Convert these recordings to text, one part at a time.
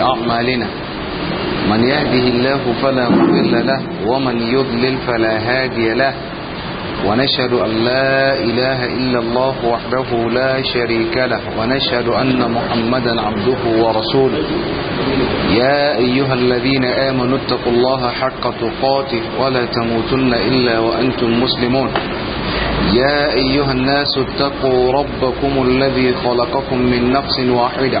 أعمالنا من يهده الله فلا مضل له ومن يضلل فلا هادي له ونشهد أن لا إله إلا الله وحده لا شريك له ونشهد أن محمدا عبده ورسوله يا أيها الذين آمنوا اتقوا الله حق تقاته ولا تموتن إلا وأنتم مسلمون يا أيها الناس اتقوا ربكم الذي خلقكم من نفس واحدة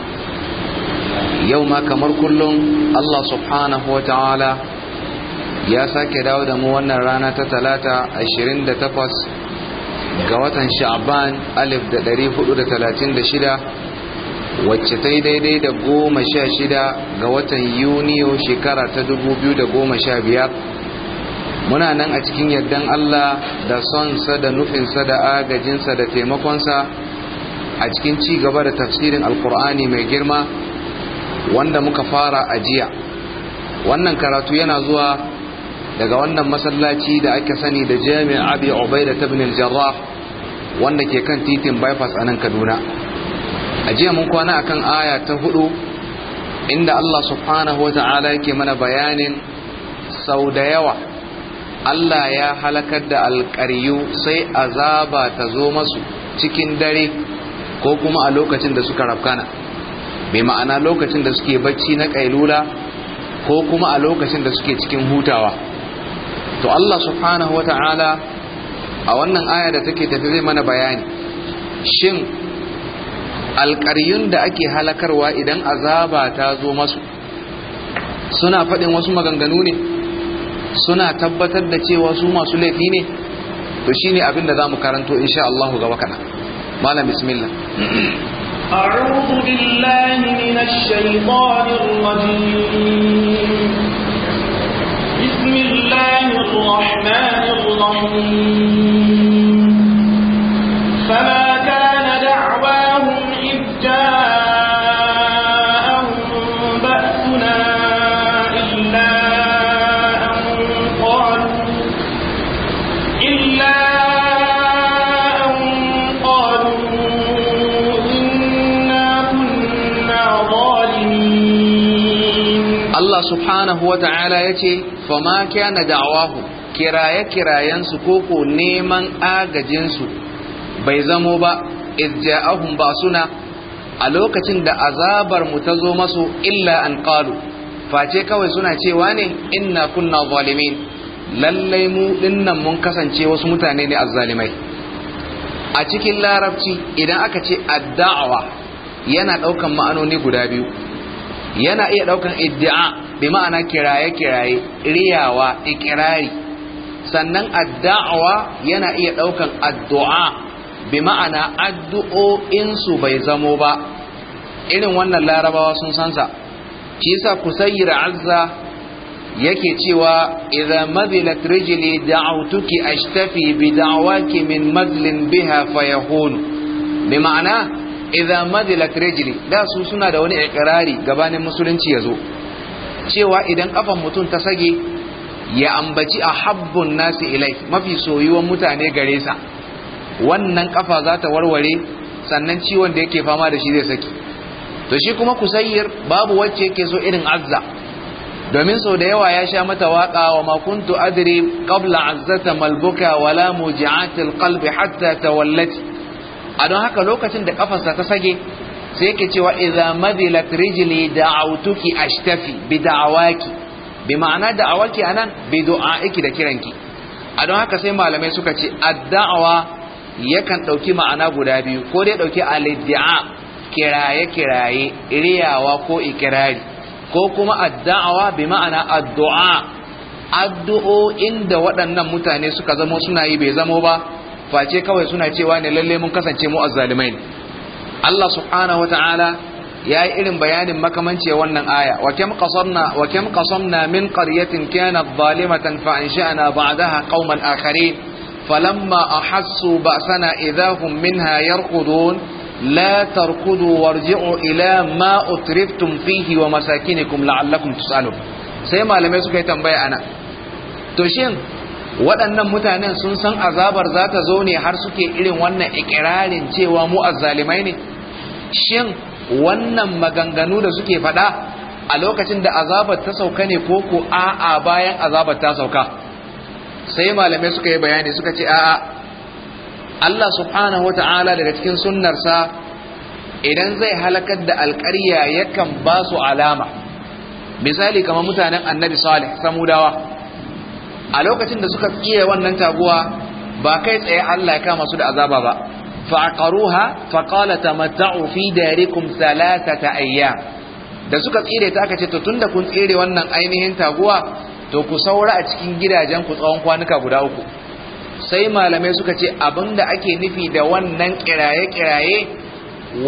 yau ma kamar kullum Allah subhanahu wa ta'ala ya sake dawo da mu wannan rana ta talata 28 ga watan sha'ban 1436 wacce ta yi daidai da goma sha shida ga watan yuniyo shekara ta 2015 muna nan a cikin yardan Allah da sonsa da nufinsa da agajinsa da taimakonsa a cikin ci gaba da tafsirin alkur'ani mai girma wanda muka fara a jiya wannan karatu yana zuwa daga wannan masallaci da ake sani da jami'a abi ubaida ibn al-jarrah wanda ke kan titin bypass a nan Kaduna a jiya mun kwana akan aya ta hudu inda Allah subhanahu wata'ala yake mana bayanin sau da yawa Allah ya halakar da alƙaryu sai azaba ta zo masu cikin dare ko kuma a lokacin da suka rafkana Mai ma'ana lokacin da suke bacci na kailula ko kuma a lokacin da suke cikin hutawa to Allah subhanahu ta'ala a wannan aya da take tafi zai mana bayani shin alƙaryun da ake halakarwa idan azaba ta zo masu suna faɗin wasu maganganu ne suna tabbatar da cewa su masu laifi ne to ne abin da za mu karanto insha Allah gaba kana malam bismillah أعوذ بالله من الشيطان الرجيم بسم الله الرحمن الرحيم فما subhanahu wa ta'ala ya ce fama na da'awahu kiraye-kirayensu koko neman agajinsu bai zamo ba izja'ahun ba suna a lokacin da azabar mu ta zo masu illa an ƙalu face kawai suna cewa ne inna kunna zalimin lallai mu dinnan mun kasance wasu mutane ne azzalimai a cikin larabci idan aka ce adda'awa yana ɗaukan ma'anoni guda biyu yana iya ɗaukan iddia bi ma'ana kiraye-kiraye riyawa ikirari sannan addawa yana iya ɗaukan addu'a bi ma'ana addu'o'insu bai zamo ba irin wannan larabawa sun sansa shi yasa kusayyir azza yake cewa idza mazilat rijli da'awtuki ashtafi bi da'waki min mazlin biha fayahun bi ma'ana idza mazilat rijli da su suna da wani ikrari gabanin musulunci yazo cewa idan kafan mutum ta sage ya ambaci a habbun nasi ilai mafi soyuwan mutane gare sa wannan kafa za ta warware sannan ciwon da yake fama da shi zai saki to shi kuma kusayyar babu wacce yake so irin azza domin sau da yawa ya sha mata waka wa Makuntu adri qabla azzata malbuka wala muji'atil qalbi hatta tawallati a don haka lokacin da kafarsa ta sage sai yake cewa idza madilat rijli da'awtuki ashtafi bi da'awaki bi ma'ana da'awaki anan bi du'aiki da kiranki a don haka sai malamai suka ce addawa yakan dauki ma'ana guda biyu ko dai dauki alidda'a kiraye kiraye riyawa ko ikirari ko kuma addawa bi ma'ana addu'a addu'o inda waɗannan mutane suka zamo suna yi bai zamo ba face kawai suna cewa ne lalle mun kasance mu azzalimai ne Allah subhanahu ya yayi irin bayanin makamanci wannan aya wa kam qasanna wa kam qasamna min qaryatin kanat zalimatan fa ansha'na ba'daha a akharin falamma ahassu ba'sana idahum minha yarqudun la tarkudu warji'u ila ma utriftum fihi wa masakinikum la'allakum tusalun sai malamai suka yi tambaya ana to shin waɗannan mutanen sun san azabar za ta zo ne har suke irin wannan ikirarin cewa mu azzalimai ne shin wannan maganganu da suke faɗa a lokacin da azabar ta sauka ne ko ko a'a bayan azabar ta sauka sai malamai suka yi bayani suka ce a'a Allah subhanahu wata'ala daga cikin sunnarsa idan zai halakar da alƙarya yakan ba su alama misali kamar mutanen annabi salih samudawa a lokacin da suka tsire wannan taguwa ba kai tsaye Allah ya kama su da azaba ba فعقروها فقال تمتعوا في داركم ثلاثة أيام da suka tsire ta aka ce to tunda kun tsire wannan ainihin taguwa to ku saura a cikin gidajen ku tsawon kwanuka guda uku sai malamai suka ce abinda ake nufi da wannan kiraye-kiraye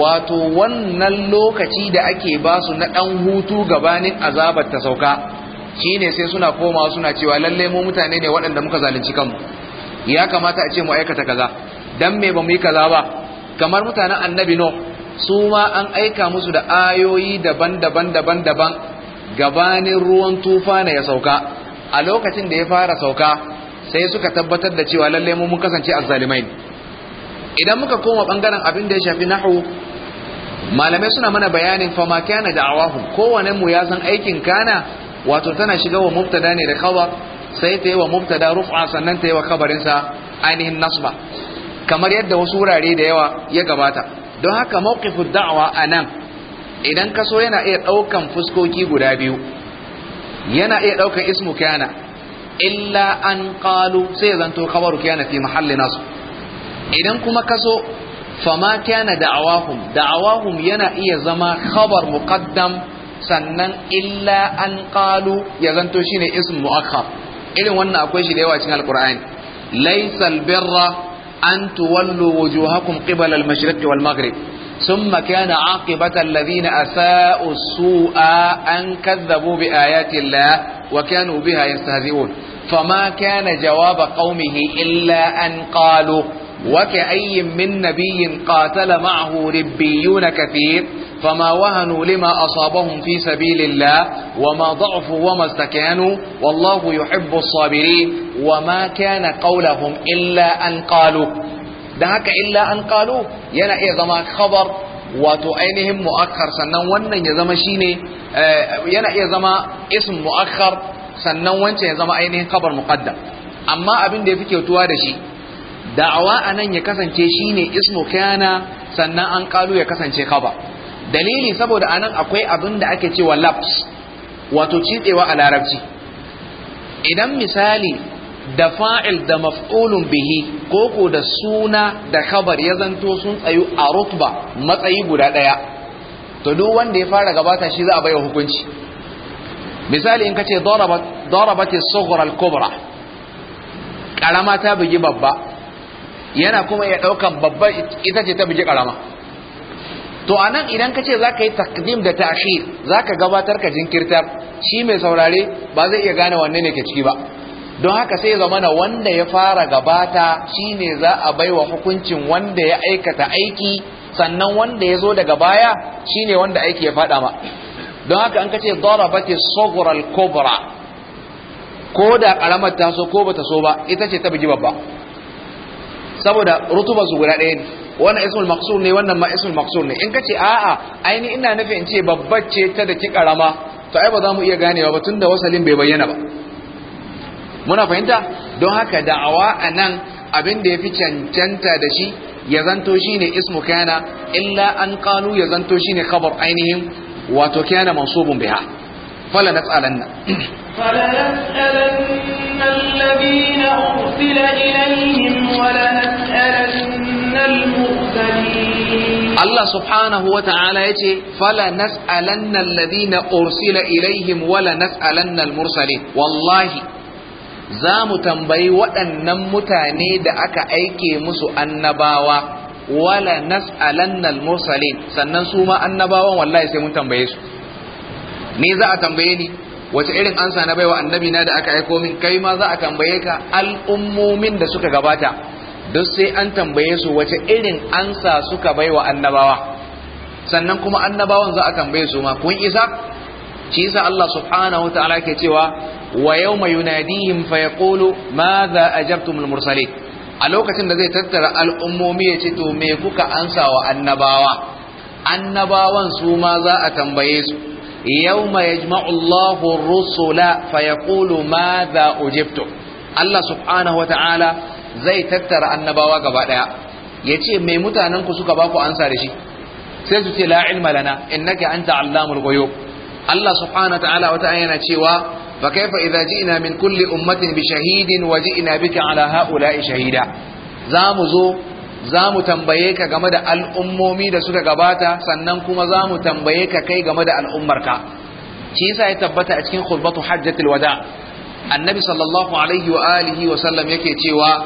wato wannan lokaci da ake ba su na dan hutu gabanin azabar ta sauka shine sai suna komawa suna cewa lalle mu mutane ne waɗanda muka zalunci kanmu ya kamata a ce mu aikata kaza dan me ba mu yi kaza ba kamar mutanen annabi no su ma an aika musu da ayoyi daban-daban daban-daban gabanin ruwan tufana ya sauka a lokacin da ya fara sauka sai suka tabbatar da cewa lalle mun kasance azzalimai idan muka koma bangaren abin da ya shafi nahu, malamai suna mana bayanin fama kana da'awahu, kowane mu ya san aikin kana wato tana shiga wa mubtada ne da khabar sai ta yi wa mubtada rufa sannan ta yi wa khabarin sa ainihin nasba kamar yadda wasu wurare da yawa ya gabata don haka mawqifud da'wa anan idan kaso yana iya daukan fuskoki guda biyu yana iya daukan ismu kana illa an qalu sai zanto khabaru kana fi mahalli nasb idan kuma kaso fama kana da'awahum da'awahum yana iya zama khabar muqaddam sannan illa an qalu ya zanto shine ism muakhar irin wannan akwai shi da yawa cikin alqur'ani laysa birra. أن تولوا وجوهكم قبل المشرق والمغرب ثم كان عاقبة الذين أساءوا السوء أن كذبوا بآيات الله وكانوا بها يستهزئون فما كان جواب قومه إلا أن قالوا وكأي من نبي قاتل معه ربيون كثير فما وهنوا لما أصابهم في سبيل الله وما ضعفوا وما استكانوا والله يحب الصابرين وما كان قولهم إلا أن قالوا ده هكا إلا أن قالوا ينا إيه زمان خبر wato ainihin mu'akkar sannan wannan ya zama shine eh, yana iya zama ism mu'akkar sannan wancan ya zama ainihin kabar muqaddam amma abin da ya fi kyautuwa da shi da'awa anan ya kasance shine ismu kana sannan an kalu ya kasance kabar. dalili saboda anan akwai abin da ake cewa laps wato citsewa a larabci idan misali da fa'il da maf'ulun bihi koko da suna da khabar ya zanto sun tsayu a rutba matsayi guda ɗaya to duk wanda ya fara gabata shi za a baiwa hukunci misali in ka ce darabati sughra al-kubra karama ta bugi babba yana kuma ya daukan babba ita ce ta bugi karama to anan idan ka ce za ka yi takdim da tashir za ka gabatar ka jinkirtar shi mai saurare ba zai iya gane wanne ne ke ciki ba don haka sai zamana wanda ya fara gabata shi ne za a baiwa hukuncin wanda ya aikata aiki sannan wanda ya zo daga baya shi ne wanda aiki ya faɗa ma don haka an ka ce darabati sogral kobra ko da ta taso ko bata so ba ita ce ta bugi babba saboda rutubar su guda ɗaya ne wannan ismul maqsur ne wannan ma ismul maqsur ne in ka ce a'a aini ina nufi in ce babbar ce ta da ki karama to ai ba za mu iya ganewa ba tunda wasalin bai bayyana ba muna fahimta don haka da'awa anan abin da yafi cancanta da shi ya zanto shine ismu kana illa an qalu ya zanto shine khabar ainihin wato kana mansubun biha fala nas'alanna fala nas'alanna alladhina ursila ilayhim wala Allah subhanahu wa ta'ala ya ce, Fala nas'alanna ladina ursila ilaihim wala nas'alanna al-mursalin wallahi za mu tambayi waɗannan mutane da aka aike musu annabawa wala nas'alanna al-mursalin sannan su ma annabawan wallahi sai mun tambaye su ni za a tambaye ni wace irin ansa na baiwa annabi na da aka aiko min kai ma za a tambaye ka al'ummomin da suka gabata duk sai an tambaye su wace irin ansa suka bai wa annabawa sannan kuma annabawan za a tambaye su ma kun isa shi yasa Allah subhanahu ta'ala ke cewa wa yawma yunadihim fa yaqulu madha ajabtum al mursalin a lokacin da zai tattara al'ummomi ya ce to me kuka ansa wa annabawa annabawan su ma za a tambaye su Yau yajma'u yajma'ullahu rusula fa yaqulu madha ujibtum Allah subhanahu wa ta'ala zai tattara annabawa gaba daya yace mai mutanen ku suka baku ansa da shi sai su ce la ilma lana innaka anta allamul ghuyub Allah subhanahu ta'ala wata ayana cewa fa kaifa idza ji'na min kulli ummatin bi shahidin wa ji'na bika ala ha'ula'i shahida zamu zo zamu tambaye ka game da al'ummomi da suka gabata sannan kuma zamu tambaye ka kai game da al'ummarka shi yasa ya tabbata a cikin khutbatu hajjatul wada' annabi sallallahu alaihi wa alihi wa sallam yake cewa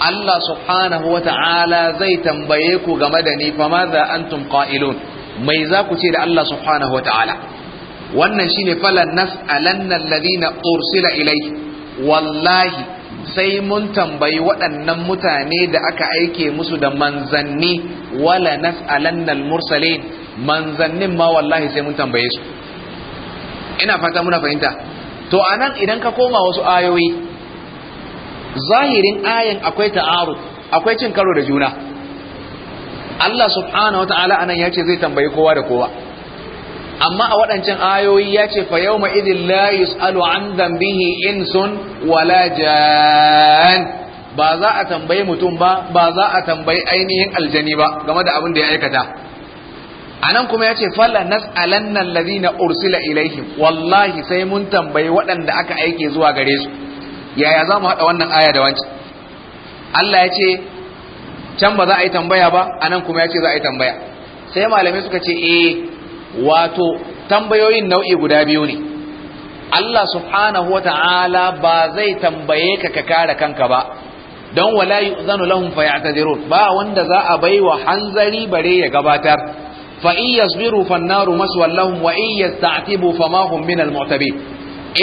Allah subhanahu wa ta'ala zai tambaye ku game da ni fama za antum qa'ilun mai za ku ce da Allah subhanahu wa ta'ala wannan shine falan nas'alanna alladhina ursila ilai, wallahi sai mun tambayi waɗannan mutane da aka aike musu da manzanni wala nas al-mursalin manzannin ma wallahi sai mun tambaye su ina fata muna fahimta to anan idan ka koma wasu ayoyi zahirin ayan akwai ta'arud akwai cin karo da juna Allah subhanahu wataala anan ya ce zai tambayi kowa da kowa amma a waɗancan ayoyi ya ce fa yau ma'idin la yus'alu an dambihi insun wala jan ba za a tambayi mutum ba ba za a tambayi ainihin aljani ba game da abin da ya aikata anan kuma yace fala nas'alanna na ursila ilaihim wallahi sai mun tambayi waɗanda aka aike zuwa gare su yaya za mu haɗa wannan aya da wancan Allah ya ce can ba za a yi tambaya ba anan kuma ya ce za a yi tambaya sai malamai suka ce eh wato tambayoyin nau'i guda biyu ne Allah subhanahu wa ta'ala ba zai tambaye ka ka kare kanka ba don wala yu'zanu lahum fayatazirun ba wanda za a baiwa hanzari bare ya gabatar fa in yasbiru fannaru maswallahum wa in yasta'tibu fama hum min almu'tabin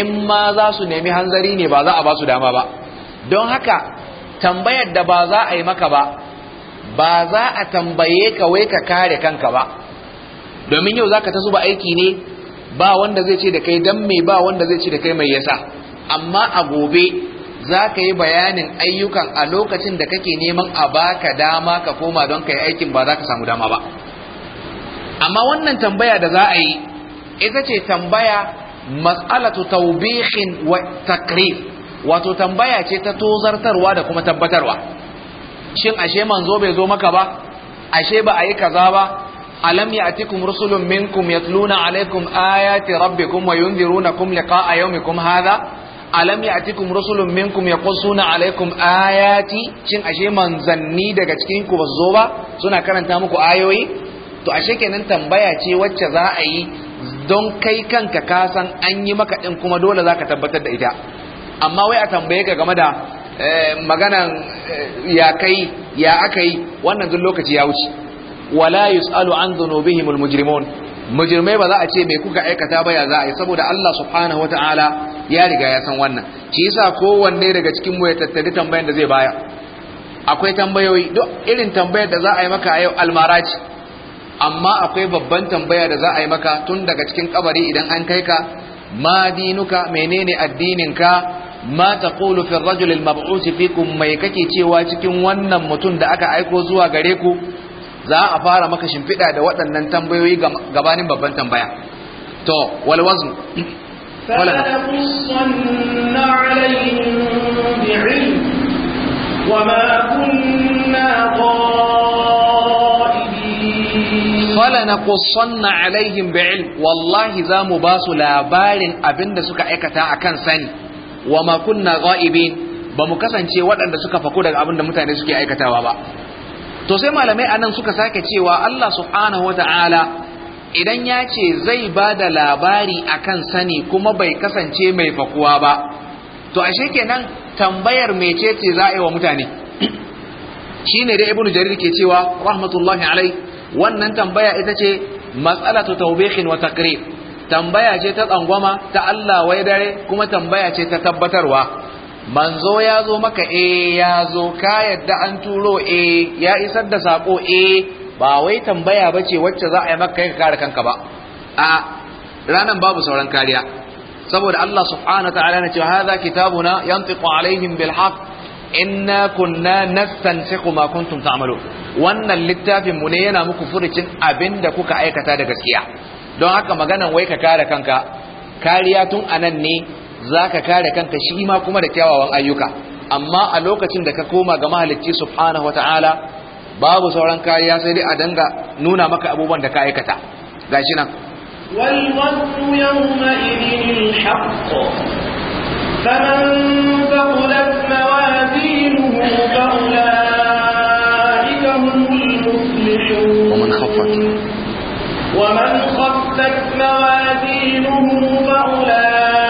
in ma za su nemi hanzari ne ba za a ba su dama ba don haka tambayar da ba za a yi maka ba ba za a tambaye ka wai ka kare kanka ba domin yau zaka ta zuba aiki ne ba wanda zai ce da kai dan me ba wanda zai ce da kai mai yasa amma a gobe za ka yi bayanin ayyukan a lokacin da kake neman a baka dama ka koma don ka yi aikin ba za ka samu dama ba amma wannan tambaya da za a yi ita ce tambaya mas'alatu taubihin wa wato tambaya ce ta tozartarwa da kuma tabbatarwa shin ashe manzo bai zo maka ba ashe ba a yi kaza ba alam ya'tikum rusulun minkum yatluna alaikum ayati rabbikum wa yunzirunakum liqa'a yawmikum hadha alam ya'tikum rusulun minkum yaqussuna alaikum ayati shin ashe manzanni daga cikin ku ba zo ba suna karanta muku ayoyi to ashe kenan tambaya ce wacce za a yi don kai kanka ka san an yi maka din kuma dole zaka tabbatar da ita amma wai a tambaye ka game da eh, maganan eh, ya kai ya aka yi wannan duk lokaci ya wuce wala yusalu an dhunubihim almujrimun mujrimai ba za a ce me kuka aikata ba ya za a yi saboda Allah subhanahu wataala ya riga ya san wannan shi yasa kowanne daga cikin mu ya tattari tambayan da zai baya akwai tambayoyi duk irin tambayar da za a yi maka a yau almaraji amma akwai babban tambaya da za a yi maka tun daga cikin kabari idan an kai ka ma dinuka menene addininka ma taqulu fi ar-rajul al mabuth fikum mai kake cewa cikin wannan mutum da aka aiko zuwa gare ku za a fara maka shimfiɗa da waɗannan tambayoyi gabanin babban tambaya to wal wazn wala wa ma kunna falanaqussanna alaihim bi'ilm wallahi za mu ba su labarin abinda suka aikata akan sani wa ma kunna gha'ibin ba mu kasance waɗanda suka faku daga abinda mutane suke aikatawa ba to sai malamai anan suka sake cewa Allah subhanahu wata'ala idan ya ce zai ba da labari akan sani kuma bai kasance mai fakuwa ba to ashe kenan tambayar mecece za a yi wa mutane shine dai ibnu jarir ke cewa rahmatullahi alaihi wannan tambaya ita ce mas'alatu tawbihin wa takrib tambaya ce ta tsangwama ta Allah wai dare kuma tambaya ce ta tabbatarwa manzo ya zo maka eh ya zo ka yadda an turo eh ya isar da sako eh ba wai tambaya ce wacce za a yi maka kai ka kare kanka ba a ranan babu sauran kariya saboda Allah subhanahu wa ta'ala na ce hadha kitabuna yantiqu alaihim bil haqq inna kunna nastansiqu ma kuntum ta'malu wannan littafin mu ne yana muku furucin abinda kuka aikata da gaskiya don haka maganan wai ka kare kanka kariya tun anan ne zaka kare kanka shi ma kuma da kyawawan ayyuka amma a lokacin da ka koma ga mahalicci subhanahu wataala babu sauran kariya sai dai a danga nuna maka abubuwan da ka aikata gashi nan wasu والوزن يومئذ haqq فمن ثقلت موازينه فأولئك هم المفلحون ومن خفت ومن خفت موازينه فأولئك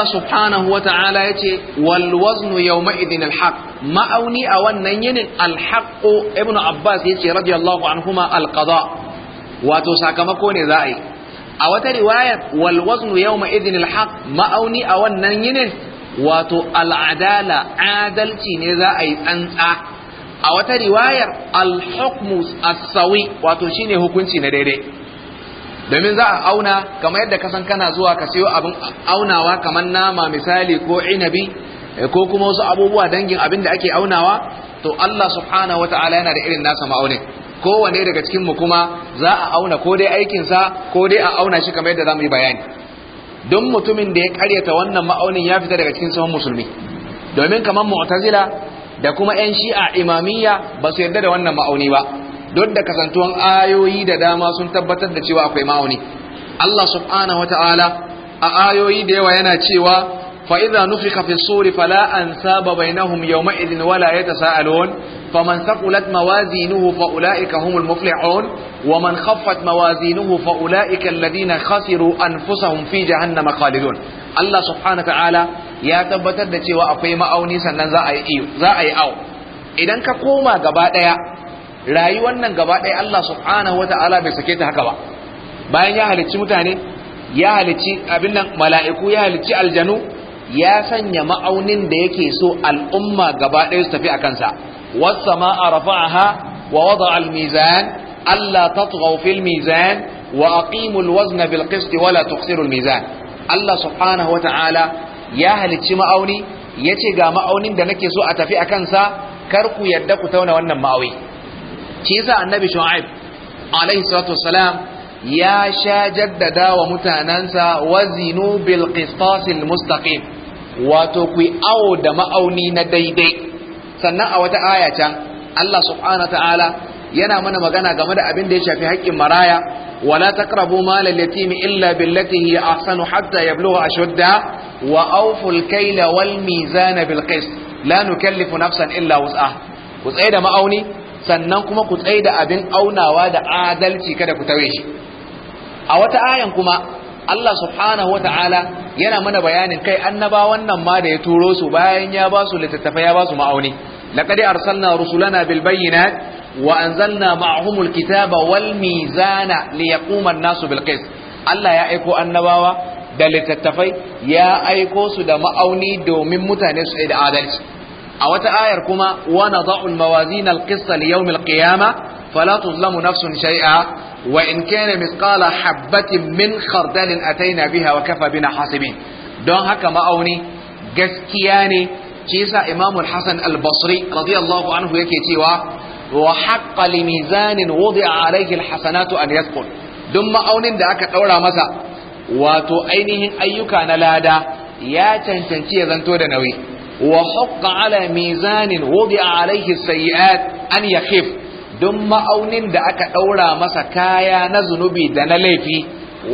Allah subhanahu wata'ala ya ce walwaznu yau idin alhaq ma'auni a wannan yinin alhaqqu ibn Abbas ya ce radiyallahu anhuma alqada wato sakamako ne za a yi a wata riwayar walwaznu yau idin alhaq ma'auni a wannan yinin wato al'adala adalci ne za a yi tsantsa a wata riwayar alhukmus as-sawi wato shine hukunci na daidai domin za a auna kamar yadda kasan kana zuwa ka siyo abin aunawa kamar nama misali ko inabi eh, ko kuma wasu abubuwa dangin abin da ake aunawa to Allah subhanahu wataala yana da irin nasa ma'aunin kowane daga cikin mu kuma za a auna ko dai aikin sa ko dai a auna shi kamar yadda zamu yi bayani don mutumin da ya karyata wannan ma'aunin ya fita daga cikin sahun musulmi domin kamar mu'tazila da kuma yan shi'a imamiyya ba su yarda da wannan ma'auni ba duk da kasantuwan ayoyi da dama sun tabbatar da cewa akwai ma'auni Allah subhanahu wata'ala a ayoyi da yawa yana cewa fa idza nufika fi suri fala ansaba bainahum yawma idhin wala yatasaalun faman thaqulat mawazinuhu fa ulaika humul muflihun waman khaffat mawazinuhu fa ulaika alladhina khasiru anfusahum fi jahannama khalidun Allah subhanahu wata'ala ya tabbatar da cewa akwai ma'auni sannan za a yi za a yi au idan ka koma gaba daya rayuwar nan gaba ɗaya Allah subhanahu ta'ala bai sake ta haka ba bayan ya halicci mutane ya halicci abin nan mala'iku ya halicci aljanu ya sanya ma'aunin da yake so al'umma gaba ɗaya su tafi a kansa wasa a rafa'aha wa wada al-mizan Allah tatghaw fil mizan wa aqimul wazna bil qist wa la tuqsirul mizan Allah subhanahu ta'ala ya halicci ma'auni yace ga ma'aunin da nake so a tafi a kansa kar ku yadda ku tauna wannan ma'auni shi yasa annabi shu'aib alaihi salatu wassalam ya sha jaddada wa mutanansa wazinu bil qistasil mustaqim wato ku awo da ma'auni na daidai sannan a wata aya can Allah subhanahu yana mana magana game da abin da ya shafi haƙƙin maraya wala taqrabu malal yatimi illa billati hi ahsanu hatta yablugha ashudda wa awful kayla wal mizana bil qist la nukallifu nafsan illa wus'aha ku tsaye da ma'auni sannan kuma ku tsaye da abin aunawa da adalci kada ku tawaye shi a wata ayan kuma Allah subhanahu wata'ala yana mana bayanin kai annabawan nan ma da ya turo su bayan ya ba su littattafai ya ba su ma'auni laqad arsalna rusulana bil bayyinat wa anzalna ma'ahumul kitaba wal mizana liyaquma an-nasu bil qist Allah ya aiko annabawa da littattafai ya aiko su da ma'auni domin mutane su da adalci a wata ayar kuma wa nadha'u al-mawazin al-qissa li yawm al fala tuzlamu nafsun shay'a wa in kana mithqala habatin min khardalin ataina biha wa kafa bina hasibin don haka ma'auni gaskiya ne shi yasa Imam al-Hasan al-Basri radiyallahu anhu yake cewa wa haqqa li mizanin wudi'a alayhi al-hasanatu an duk ma'aunin da aka daura masa wato ainihin ayyuka na lada ya cancanci ya zanto da nauyi وحق على ميزان وضع عليه السيئات أن يخف دم ma'aunin da aka ɗaura masa kaya na zunubi da na laifi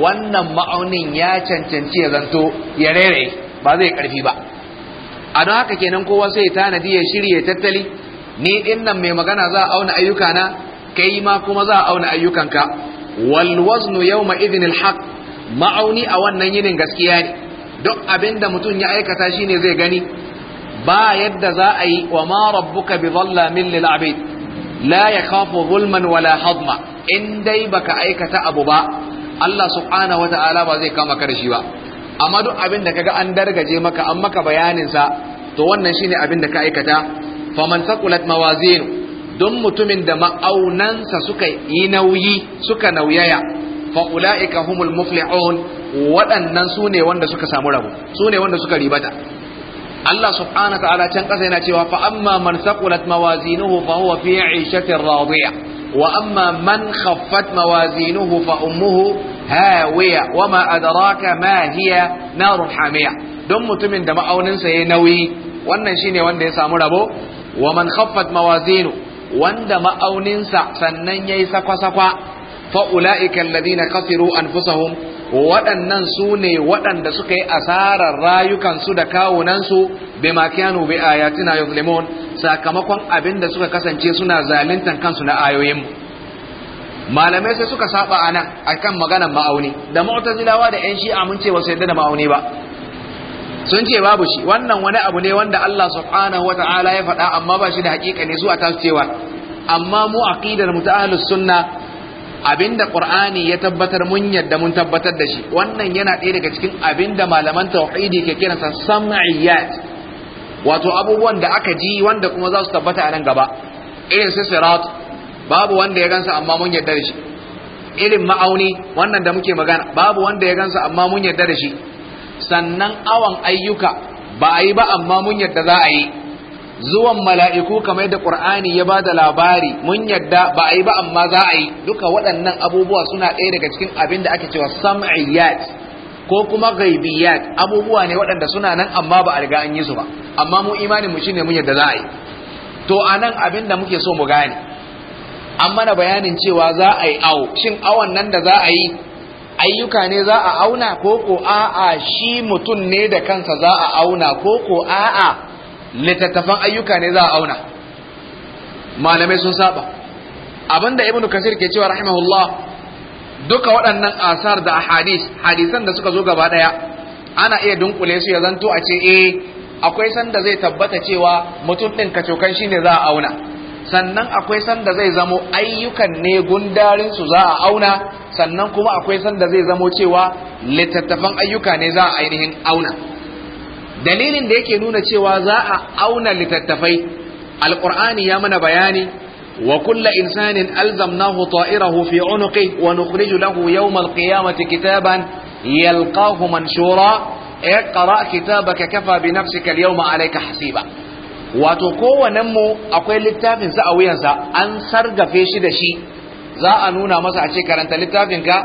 wannan ma'aunin ya cancanci ya zanto ya rere ba zai ƙarfi ba a don haka kenan kowa sai tanadi ya shirya tattali ni din nan mai magana za a auna ayyukana kai ma kuma za a auna ayyukanka wal waznu yawma idhin al haqq ma'auni a wannan yinin gaskiya ne duk abinda mutum ya aikata shine zai gani ba yadda za a yi wa ma rabbuka bi zallamin lil abid la kafa zulman wala hadma in dai baka aikata abu ba Allah subhanahu ba zai kama ka da shi ba amma duk abin da kaga an dargaje maka an maka bayanin sa to wannan shine abin da ka aikata faman saqulat mawazinu don mutumin da ma'aunansa suka yi nauyi suka nauyaya fa'ula'ika humul muflihun waɗannan su ne wanda suka samu rabo. su ne wanda suka ribata Allah subhanahu ta'ala can kasa yana cewa fa amma man saqulat mawazinuhu fa huwa fi 'ishatin radiya wa amma man khaffat mawazinuhu fa ummuhu hawiya wa ma adraka ma hiya narun hamiya don mutumin da ma'auninsa yayi nauyi wannan shine wanda ya samu rabo wa man khaffat mawazinu wanda ma'auninsa sannan yayi sakwa-sakwa fa ulaika alladhina khasiru anfusahum waɗannan su ne waɗanda suka yi asarar rayukansu da kawunansu bai makiyanu bai ayatina limon sakamakon abin da suka kasance suna zalintan kansu na ayoyin malamai sai suka saba a nan a kan maganar ma'auni da mu'tazilawa da 'yan shi'a mun ce wasu yadda da ma'auni ba sun ce babu shi wannan wani abu ne wanda Allah subhanahu wata'ala ya faɗa amma ba shi da hakika ne su a tasu amma mu aqidar mu ta ahlus sunna abinda qur'ani ya tabbatar mun yadda mun tabbatar da shi wannan yana ɗaya daga cikin abinda malaman tauhidi ke kiransa sam'iyat wato abubuwan da aka ji wanda kuma za su tabbata a nan gaba irin su sirat babu wanda ya gansa amma mun yadda da shi irin ma'auni wannan da muke magana babu wanda ya gansa amma mun yadda da shi sannan awan ayyuka ba a yi ba amma mun yadda za a yi zuwan mala'iku kamar yadda Kur'ani ya ba da labari mun yadda ba a yi ba amma za a yi duka waɗannan abubuwa suna ɗaya daga cikin abin da ake cewa sam'iyyat ko kuma gaibiyat. abubuwa ne waɗanda suna nan amma ba a riga an yi su ba amma mu imanin mu shine mun yadda za a yi to a nan abin da muke so mu gane an mana bayanin cewa za a yi awo shin awon nan da za a yi ayyuka ne za a auna ko ko a'a shi mutum ne da kansa za a auna ko ko a'a littattafan ayyuka ne za a auna malamai sun saba abinda ibn kasir ke cewa rahimahullah duka waɗannan asar da ahadis hadisan da suka zo gaba daya ana iya dunkule su ya zanto a ce e, akwai sanda zai tabbata cewa mutum ɗin kacokan shi ne za a auna sannan akwai sanda zai zamo ayyukan ne gundarin su za a auna sannan kuma akwai sanda zai zamo cewa littattafan ayyuka ne za a ainihin auna dalilin da yake nuna cewa za a auna littattafai alkur'ani ya mana bayani wa kulla insanin alzamnahu ta'irahu fi unuqi wa nukhriju lahu yawm alqiyamati kitaban yalqahu manshura iqra kitabaka kafa bi nafsika alyawma alayka hasiba wato kowannen mu akwai littafin sa a wuyansa an sargafe shi da shi za a nuna masa a ce karanta littafinka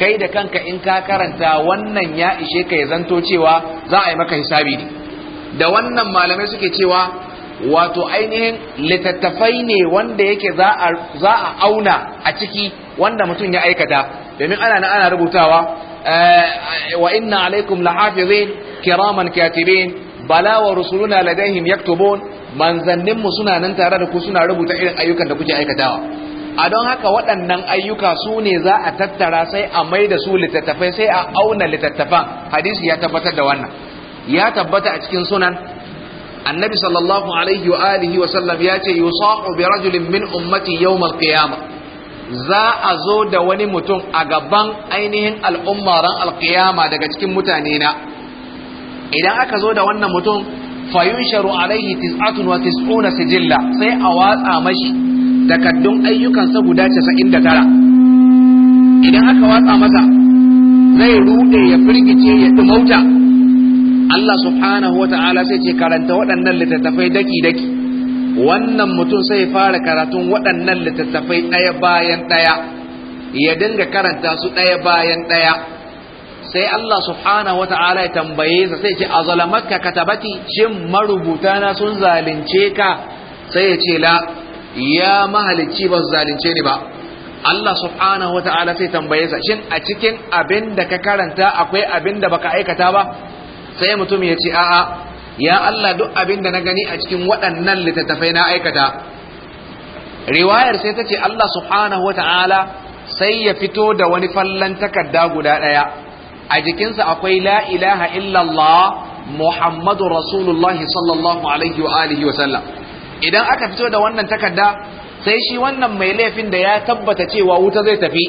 kai da kanka in ka karanta wannan ya ishe ka ya zanto cewa za a yi maka hisabi ne da wannan malamai suke cewa wato ainihin littattafai ne wanda yake za a auna a ciki wanda mutum ya aikata domin ana ana rubutawa eh, wa inna alaikum lahafizin kiraman katibin bala wa rusuluna ladaihim yaktubun manzanninmu suna nan tare da ku suna rubuta irin ayyukan da kuke aikatawa a don haka waɗannan ayyuka su ne za a tattara sai a mai da su littattafai sai a auna littattafan hadisi ya tabbatar da wannan ya tabbata a cikin sunan annabi sallallahu alaihi wa alihi wa sallam ya ce yusahu bi rajulin min ummati yawm al-qiyama za a zo da wani mutum a gaban ainihin al'umma ran al-qiyama daga cikin mutane na idan aka zo da wannan mutum fayunsharu alaihi tis'atun wa tis'una sijilla sai a watsa mashi takaddun ayyukansa guda casa'in da tara idan aka watsa masa zai rude ya firgice ya dumauta Allah subhanahu wata'ala sai ce karanta waɗannan littattafai daki-daki wannan mutum sai fara karatun waɗannan littattafai ɗaya bayan ɗaya ya dinga karanta su ɗaya bayan ɗaya sai Allah subhanahu wata'ala ya tambaye sa sai ce a zalamarka katabati shin marubuta na sun zalunce ka sai ya ce la ya mahalicci ba su zalunce ni ba Allah subhanahu wa ta'ala sai tambaye sa shin a cikin abin da ka karanta akwai abin da baka aikata ba sai mutum ya ce a'a ya Allah duk abin da na gani a cikin waɗannan littattafai na aikata riwayar sai ta ce Allah subhanahu wa ta'ala sai ya fito da wani fallan takarda guda ɗaya a jikinsa akwai la ilaha illallah muhammadu rasulullahi sallallahu alaihi wa alihi wa sallam idan aka fito da wannan takarda sai shi wannan mai laifin da ya tabbata cewa wuta zai tafi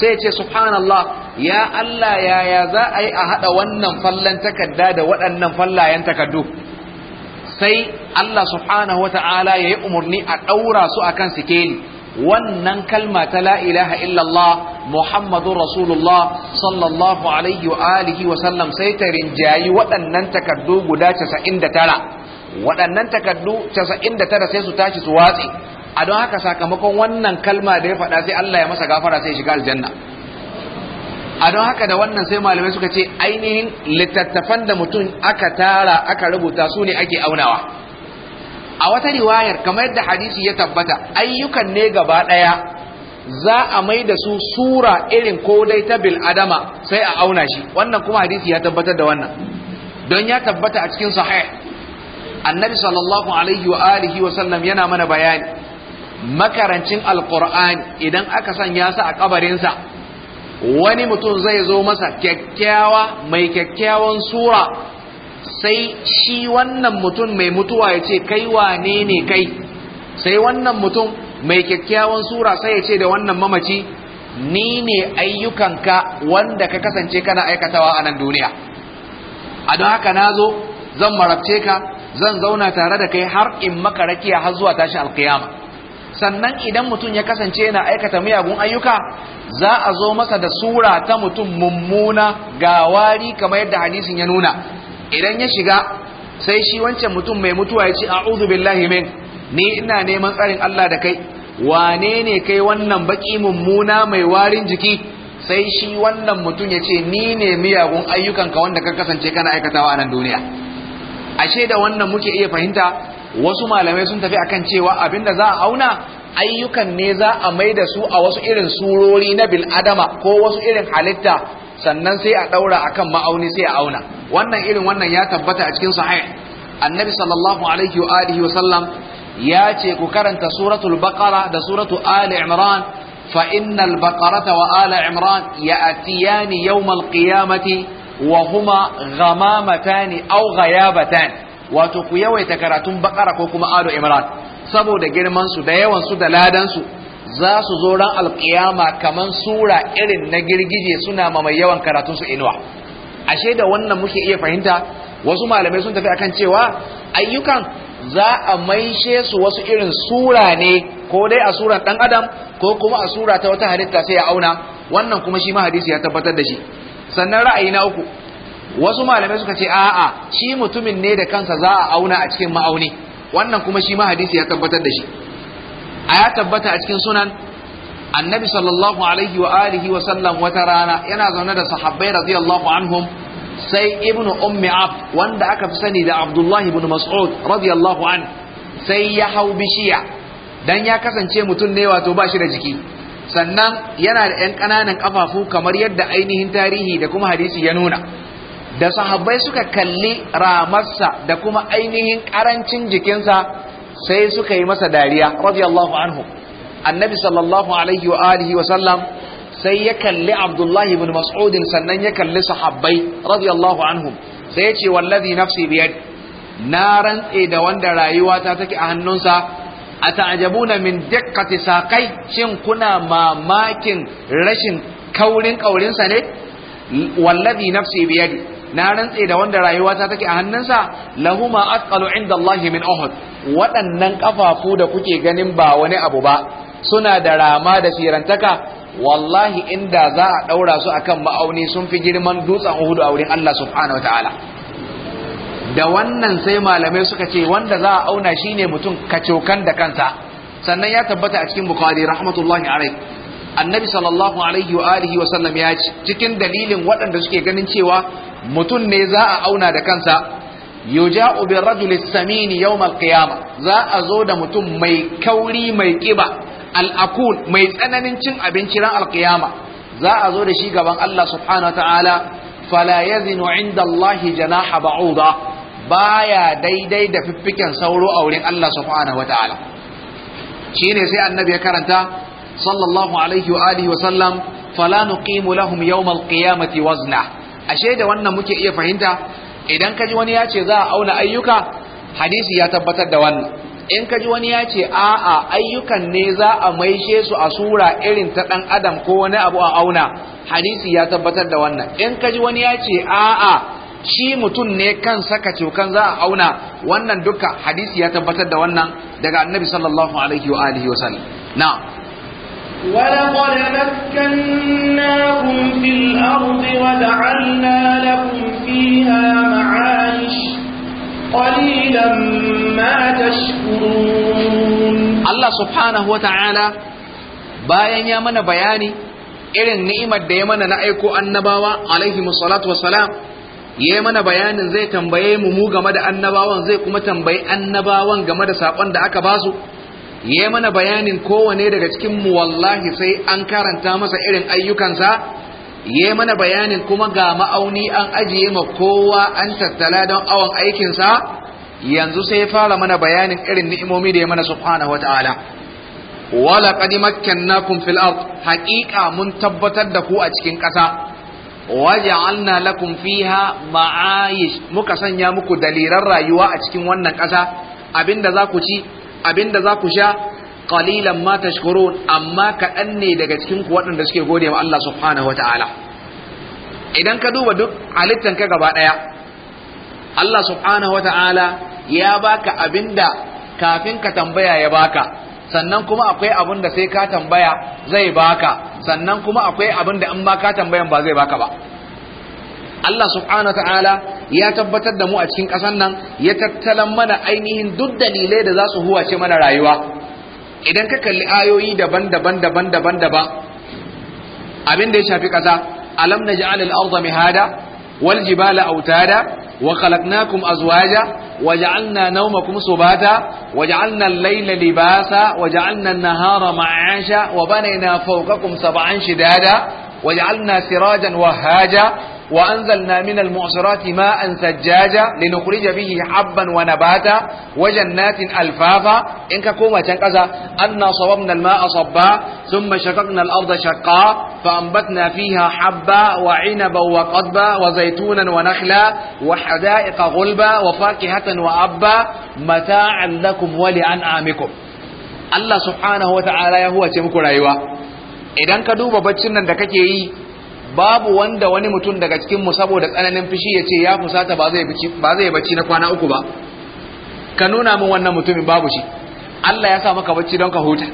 sai ce subhanallah ya Allah yaya za a yi a haɗa wannan fallan takarda da waɗannan fallayen takardu sai Allah subhanahu wata'ala ya yi umarni a ɗaura su a kan sikeli wannan kalma ta la ilaha illallah muhammadun rasulullah sallallahu alaihi wa alihi wa sallam sai ta rinjayi waɗannan takardu guda casa'in da tara waɗannan takardu 99 sai su tashi su watsi, a don haka sakamakon wannan kalma da ya faɗa sai Allah ya masa gafara sai shiga aljanna a don haka da wannan sai malamai suka ce ainihin littattafan da mutum aka tara aka rubuta su ne ake aunawa a wata riwayar kamar yadda hadisi ya tabbata ayyukan ne gaba ɗaya za a mai da su sura irin ko dai ta bil adama sai a auna shi wannan kuma hadisi ya tabbatar da wannan don ya tabbata a cikin sahih annabi sallallahu alaihi wa alihi wa sallam yana mana bayani makarancin alqur'ani idan aka sanya sa a kabarinsa wani mutum zai zo masa kyakkyawa mai kyakkyawan sura sai shi wannan mutum mai mutuwa ya ce kai wane ne kai sai wannan mutum mai kyakkyawan sura sai ya ce da wannan mamaci ni ne ayyukanka wanda ka kasance kana aikatawa a nan duniya a don haka na zo zan marabce ka zan zauna tare da kai har in maka rakiya har zuwa tashi alkiyama sannan idan mutum ya kasance yana aikata miyagun ayyuka za a zo masa da sura ta mutum mummuna ga wari kamar yadda hadisin ya nuna idan ya shiga sai shi wancan mutum mai mutuwa ya ce a'udhu billahi min ni ina neman tsarin Allah da kai wane ne kai wannan baki mummuna mai warin jiki sai shi wannan mutum ya ce ni ne miyagun ayyukanka wanda ka kasance kana aikatawa a nan duniya ashe da wannan muke iya fahimta wasu malamai sun tafi akan cewa abinda za a auna ayyukan ne za a mai da su a wasu irin surori na bil adama ko wasu irin halitta sannan sai a daura akan ma'auni sai a auna wannan irin wannan ya tabbata a cikin sahih annabi sallallahu alaihi wa alihi wa sallam ya ce ku karanta suratul baqara da suratul ali imran fa innal baqarata wa Ali imran ya'tiyani yawmal qiyamati wa huma ghamamatan aw ghayabatan wato ku yawaita karatun bakara ko kuma Ado imran saboda girman su da yawan su da ladan su za su zo ran alkiyama kaman sura irin na girgije suna mai yawan karatun su inuwa ashe da wannan muke iya fahimta wasu malamai sun tafi akan cewa ayyukan za a maishe su wasu irin sura ne ko dai a suran dan adam ko kuma a sura ta wata halitta sai ya auna wannan kuma shi ma hadisi ya tabbatar da shi sannan ra'ayi na uku wasu malamai suka ce a'a shi mutumin ne da kansa za a auna a cikin ma'auni wannan kuma shi ma hadisi ya tabbatar da shi a ya tabbata a cikin sunan annabi sallallahu alaihi wa alihi wa sallam wata rana yana zaune da sahabbai radiyallahu anhum sai ibnu ummi ab wanda aka fi sani da abdullahi ibn mas'ud radiyallahu an sai ya hau bishiya dan ya kasance mutum ne wato ba shi da jiki sannan yana da ‘yan ƙananan ƙafafu kamar yadda ainihin tarihi da kuma hadisi ya nuna da sahabbai suka kalli ramarsa da kuma ainihin ƙarancin jikinsa sai suka yi masa dariya radiyallahu anhu annabi sallallahu alaihi wa alihi wa sallam sai ya kalli abdullahi ibn mas'ud sannan ya kalli sahabbai radiyallahu anhum sai ya ce wallazi nafsi biyad na rantse da wanda rayuwa ta take a hannunsa ata'jabuna min diqqati saqai shin kuna mamakin rashin kaurin kaurin sa ne wallazi nafsi biyadi na rantse da wanda rayuwata take a hannunsa lahuma atqalu inda Allah min Uhud waɗannan kafafu da kuke ganin ba wani abu ba suna da rama da sirantaka wallahi inda za a ɗaura su akan ma'auni sun fi girman dutsen Uhud a wurin Allah subhanahu wataala da wannan sai malamai suka ce wanda za a auna shine mutum kacokan da kansa sannan ya tabbata a cikin bukhari rahmatullahi alaihi annabi sallallahu alaihi wa alihi wa sallam ya ce cikin dalilin waɗanda suke ganin cewa mutum ne za a auna da kansa yuja'u bi rajul samini yawm qiyama za a zo da mutum mai kauri mai kiba al-akul mai tsananin cin abinci ran al-qiyama za a zo da shi gaban Allah subhanahu wa ta'ala fala yazinu inda Allah janaha ba'uda baya daidai da fiffiken sauro a wurin Allah subhanahu wataala shine sai annabi ya karanta sallallahu alaihi wa alihi wa sallam fala nuqimu lahum yawmal qiyamati wazna ashe da wannan muke iya fahimta idan kaji wani ya ce za a auna ayyuka hadisi ya tabbatar da wannan in kaji wani ya ce a'a ayyukan ne za a maishe su a sura irin ta dan adam ko wani abu a auna hadisi ya tabbatar da wannan in kaji wani ya ce a'a shi mutum ne kan saka cokan za a auna wannan duka hadisi ya tabbatar da wannan daga annabi sallallahu alaihi wa alihi wa sallam na ولقد مكناكم في الأرض وجعلنا لكم فيها معايش قليلا ما تشكرون الله سبحانه وتعالى bayan ya mana bayani irin ni'imar da ya mana na aiko annabawa alaihi salatu wassalam Yi mana bayanin zai tambaye mu mu game da annabawan zai kuma tambayi annabawan game da sakon da aka basu Yi mana bayanin kowane daga cikin mu wallahi sai an karanta masa irin ayyukansa Yi mana bayanin kuma ga ma'auni an ajiye ma kowa an tattala don awon aikin sa yanzu sai fara mana bayanin irin ni'imomi da ya mana subhanahu wataala wala qad makkannakum fil ard haqiqa mun tabbatar da ku a cikin ƙasa waja'alna lakum fiha ma'ayish muka sanya muku dalilan rayuwa a cikin wannan ƙasa abinda za ku ci abinda za ku sha qalilan ma tashkurun amma kaɗan ne daga cikin ku waɗanda suke gode wa Allah subhanahu wata'ala idan ka duba duk halittan ka gaba ɗaya Allah subhanahu wata'ala ya baka abinda kafin ka tambaya ya baka sannan kuma akwai abin da sai ka tambaya zai baka sannan kuma akwai abin da in ba ka tambayan ba zai baka ba Allah subhanahu ta'ala ya tabbatar da mu a cikin ƙasar nan ya tattalan mana ainihin duk dalilai da za su huwace mana rayuwa idan ka kalli ayoyi daban-daban daban-daban daban abin da ya shafi ƙasa alam naj'al al-ardha mihada والجبال أوتادا وخلقناكم أزواجا وجعلنا نومكم سباتا وجعلنا الليل لباسا وجعلنا النهار معاشا وبنينا فوقكم سبعا شدادا وجعلنا سراجا وهاجا وأنزلنا من المعصرات ماء سجاجا لنخرج به حبا ونباتا وجنات ألفافا إن كوما تنقزا أنا صببنا الماء صبا ثم شققنا الأرض شقا فأنبتنا فيها حبا وعنبا وقضبا وزيتونا ونخلا وحدائق غلبا وفاكهة وأبا متاعا لكم ولأنعامكم الله سبحانه وتعالى هو تمكر أيوة إذا كدوب بچنن دكتي babu wanda wani mutum daga cikin mu saboda tsananin fishi ya ce ya fusata ba zai bici bacci na kwana uku ba ka nuna min wannan mutumin babu shi Allah ya sa maka bacci don ka huta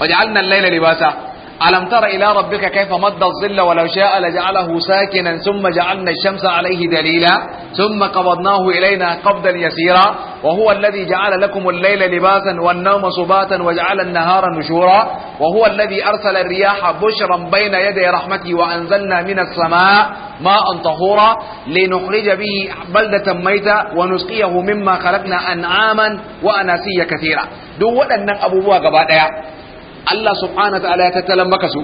waja'alna al-laila libasa ألم تر إلى ربك كيف مد الظل ولو شاء لجعله ساكنا ثم جعلنا الشمس عليه دليلا ثم قبضناه إلينا قبضا يسيرا وهو الذي جعل لكم الليل لباسا والنوم سباتا وجعل النهار نشورا وهو الذي أرسل الرياح بشرا بين يدي رحمته وأنزلنا من السماء ماء طهورا لنخرج به بلدة ميتة ونسقيه مما خلقنا أنعاما وأناسيا كثيرا دو أبو أبوبوا قبا Allah subhanahu wa ta'ala ya tattalan maka su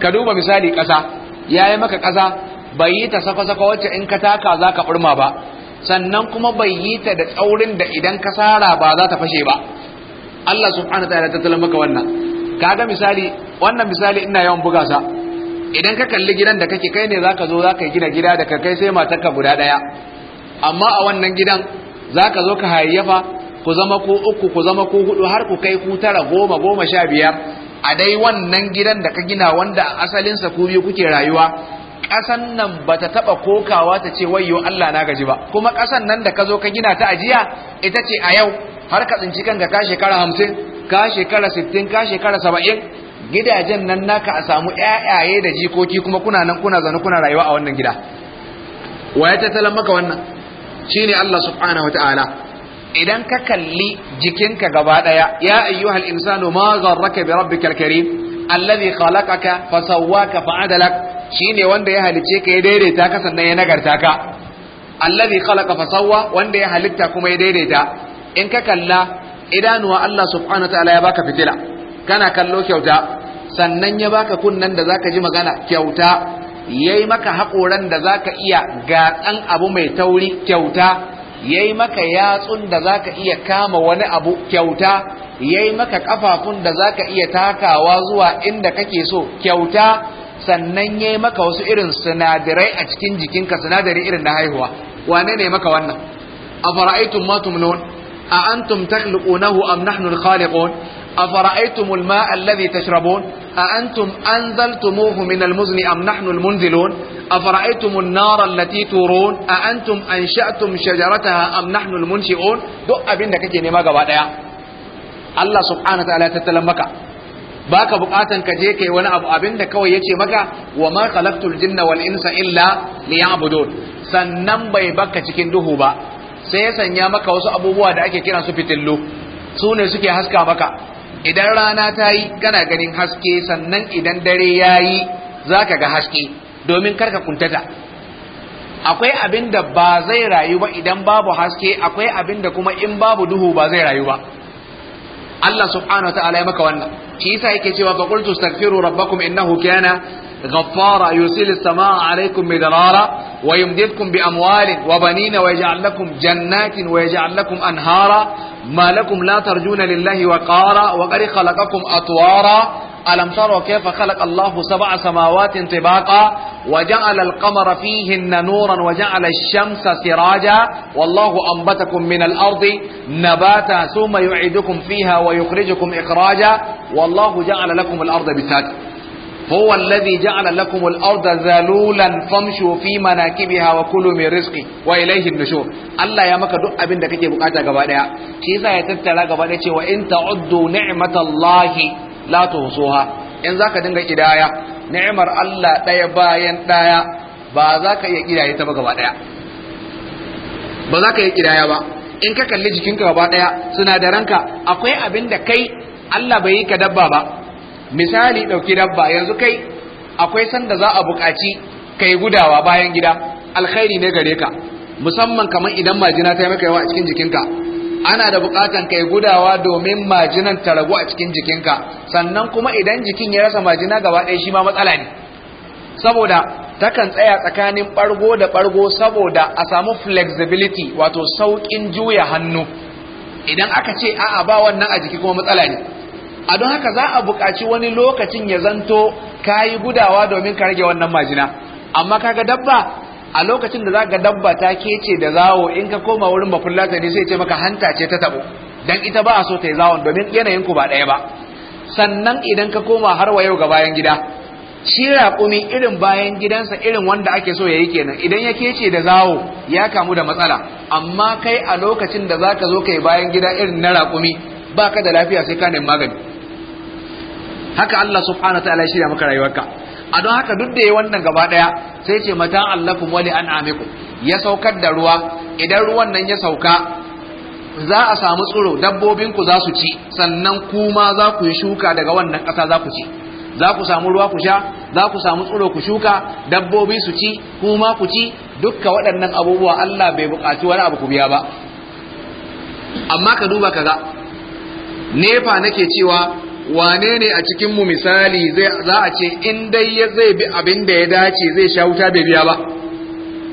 ka duba misali kasa yayi maka ƙasa bai yi ta safa safa wacce in ka taka zaka burma ba sannan kuma bai yi ta da tsaurin da idan ka sara ba za ta fashe ba Allah subhanahu wa ta'ala ya tattalan maka wannan kaga misali wannan misali ina yawan buga sa idan ka kalli gidan da kake kai ne zaka zo zaka gina gida da ka kai sai matarka guda daya amma a wannan gidan zaka zo ka hayyafa. ku zama ku uku ku zama ku hudu har ku kai ku tara goma goma sha biyar a dai wannan gidan da ka gina wanda asalinsa ku biyu kuke rayuwa ƙasan nan ba ta taɓa kokawa ta ce wayyo Allah na gaji ba kuma ƙasan nan da ka zo ka gina ta ajiya ita ce a yau har ka tsinci kanka ka shekara hamsin ka shekara sittin ka shekara saba'in gidajen nan naka a samu ƴaƴaye da jikoki kuma kuna nan kuna zanu kuna rayuwa a wannan gida wa ya tattalan maka wannan shine Allah subhanahu wataala idan ka kalli jikinka gaba ɗaya ya ayyuhal insanu ma gharraka bi rabbikal karim alladhi khalaqaka fa sawwaka fa adalak shine wanda ya halice ka ya daidaita ka sannan ya nagarta ka alladhi khalaqa fa sawwa wanda ya halitta kuma ya daidaita in ka kalla idanuwa Allah subhanahu wa ta'ala ya baka fitila kana kallo kyauta sannan ya baka kunnan da zaka ji magana kyauta yayi maka haƙoran da zaka iya gatsan abu mai tauri kyauta yayi maka yatsun da zaka iya kama wani abu kyauta yayi maka kafafun da zaka iya takawa zuwa inda kake so kyauta sannan yayi maka wasu irin sinadirai a cikin jikinka sinadari irin na haihuwa wane ne maka wannan afara'aytum ma tumnun a antum takhluqunahu am nahnu al-khaliqun أفرأيتم الماء الذي تشربون أأنتم أنزلتموه من المزن أم نحن المنزلون أفرأيتم النار التي تورون أأنتم أنشأتم شجرتها أم نحن المنشئون دؤ أبين دكتي نما الله سبحانه وتعالى تتلم مكة baka bukatan ka je kai wani abu abin da kawai yace maka wa ma jinna wal insa illa sannan bai baka cikin duhu ba sai ya sanya maka wasu abubuwa da ake kiran su fitillu su ne suke haska maka idan rana ta yi kana ganin haske sannan idan dare ya yi za ka ga haske domin karka kuntata akwai abin da ba zai rayu ba idan babu haske akwai abin da kuma in babu duhu ba zai rayu ba Allah subhanahu wa ta'ala ya maka wannan shi yasa yake cewa fa qultu astaghfiru rabbakum innahu kana ghaffara yusilu as-samaa 'alaykum midrara wa yumdidkum bi amwalin wa banina wa yaj'al jannatin wa anhara ما لكم لا ترجون لله وقارا وقد خلقكم أطوارا ألم تروا كيف خلق الله سبع سماوات طباقا وجعل القمر فيهن نورا وجعل الشمس سراجا والله أنبتكم من الأرض نباتا ثم يعيدكم فيها ويخرجكم إخراجا والله جعل لكم الأرض بساتا هو الذي جعل لكم الأرض ذلولا فامشوا في مناكبها وكلوا من رزقه وإليه النشور الله يا مكة دق أبن دكتي بقاتا قبادا شيسا يتتلا قبادا وإن تعدوا نعمة الله لا تحصوها إن ذاك دنگا إدايا نعمر الله تيباين تايا بذاك إدايا تبقى قبادا بذاك إدايا با in ka kalli jikinka gaba daya sinadaranka akwai abin da kai Allah bai yi ka dabba ba misali ɗauki dabba yanzu kai akwai sanda za a buƙaci kai gudawa bayan gida alkhairi ne gare ka musamman kamar idan majina ta yi maka yawa a cikin jikinka ana da buƙatan kai gudawa domin majinan ta ragu a cikin jikinka sannan kuma idan jikin ya rasa majina gaba ɗaya shi ma matsala ne saboda takan tsaya tsakanin ɓargo da ɓargo saboda a samu flexibility wato sauƙin juya hannu idan aka ce a'a ba wannan a jiki kuma matsala ne a don haka za a buƙaci wani lokacin ya zanto ka yi gudawa domin ka rage wannan majina amma kaga dabba a lokacin da za ka dabba ta kece da zawo in ka koma wurin mafullata ne sai ce maka hanta ce ta tabo dan ita ba a so ta yi zawon domin yanayin ku ba ɗaya ba sannan idan ka koma har wa yau ga bayan gida shi raƙumi irin bayan gidansa irin wanda ake so ya yi kenan idan ya kece da zawo ya kamu da matsala amma kai a lokacin da za ka zo ka yi bayan gida irin na raƙumi ba ka da lafiya sai ka nemi magani haka Allah subhanahu ta'ala shirya maka rayuwarka a don haka duk da yi wannan gaba daya sai ce mata allakum wali amiku ya saukar da ruwa idan ruwan nan ya sauka za a samu tsiro dabbobin ku za su ci sannan kuma za ku yi shuka daga wannan ƙasa za ku ci za ku samu ruwa ku sha za ku samu tsiro ku shuka dabbobi su ci kuma ku ci dukka waɗannan abubuwa Allah bai buƙaci wani abu ku biya ba amma ka duba kaga nefa nake cewa wane ne a cikin mu misali za a ce in dai ya zai bi abin da ya dace zai sha wuta bai biya ba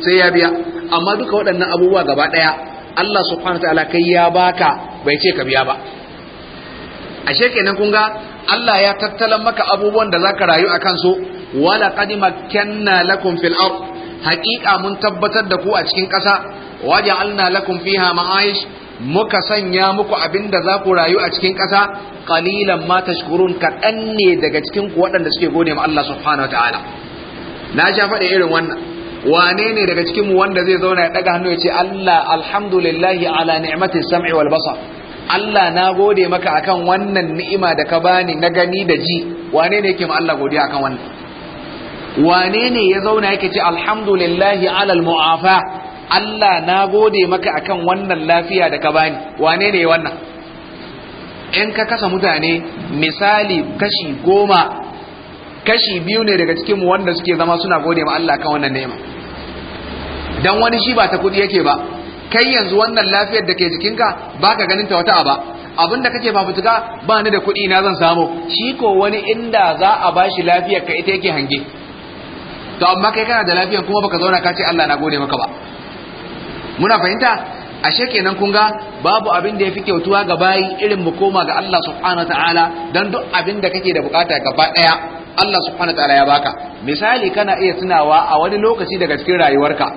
sai ya biya amma duka waɗannan abubuwa gaba ɗaya Allah subhanahu ta'ala kai ya baka bai ce ka biya ba ashe kenan kun ga Allah ya tattalan maka abubuwan da zaka rayu akan su wala qad makkanna lakum fil ard haqiqa mun tabbatar da ku a cikin ƙasa waja'alna lakum fiha ma'aish muka sanya muku abinda za ku rayu a cikin ƙasa Ƙalilan ma tashkurun kaɗan ne daga cikin ku waɗanda suke gode ma Allah subhanahu ta'ala na sha faɗi irin wannan wane ne daga cikin mu wanda zai zauna ya ɗaga hannu ya ce Allah alhamdulillahi ala ni'matin sam'i wal basar Allah na gode maka akan wannan ni'ima da ka bani na gani da ji wane ne yake ma Allah godiya akan wannan wane ne ya zauna yake ce alhamdulillahi ala mu'afa Allah na gode maka akan wannan lafiya da ka bani wane ne wannan in ka kasa mutane misali kashi goma kashi biyu ne daga cikinmu wanda suke zama suna gode ma Allah kan wannan nema dan wani shi ba ta kudi yake ba kai yanzu wannan lafiyar da ke jikinka ba ka ganin ta wata ba abin da kake fafutuka ba ni da kudi na zan samu shi ko wani inda za a bashi lafiyar ka ita yake hange to amma kai kana da lafiyar kuma baka zauna ka ce Allah na gode maka ba muna fahimta ashe kenan kun ga babu abin da yafi kyautuwa ga bayi irin mu koma ga Allah subhanahu ta'ala dan duk abin da kake da bukata gaba daya Allah subhanahu ta'ala ya baka misali kana iya tunawa a wani lokaci daga cikin rayuwarka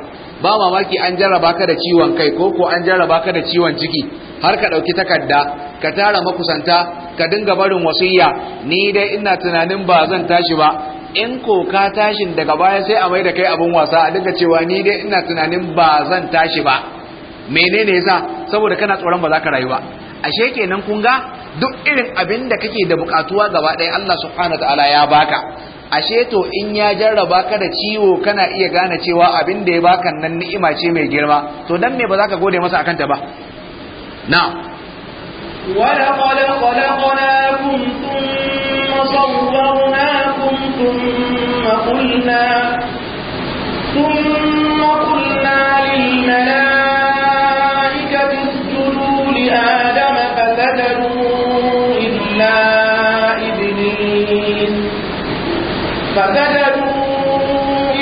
ba mamaki an jarraba ka da ciwon kai ko ko an jarraba ka da ciwon ciki har ka dauki takarda ka tara makusanta ka dinga barin wasiya ni dai ina tunanin ba zan tashi ba in ko ka tashin daga baya sai a mai da kai abin wasa a duka cewa ni dai ina tunanin ba zan tashi ba menene yasa saboda kana tsoron ba za ka rayu ba ashe kenan kun ga duk irin abin da kake da bukatuwa gaba ɗaya Allah subhanahu ta'ala ya baka ashe to in ya jarraba ka da ciwo kana iya gane cewa abin da ya baka nan ni'ima ce mai girma to dan me ba za ka gode masa akan ta ba na ولقد خلقناكم ثم صورناكم ثم قلنا ثم قلنا للملائكة اسجدوا لآدم فسجدوا إلا إبليس فسجدوا